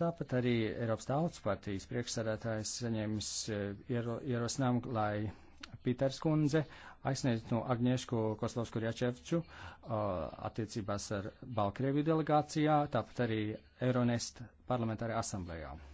Tāpat arī Eiropas Tautas partijas priekšsēdētājs saņēmis e, ierosinājumu, lai Pīters Kundze aizsniedz no Agniešku Koslovsku Rjačevču e, attiecībās ar Balkrieviju delegācijā, tāpat arī Eironest parlamentārajā asamblējā.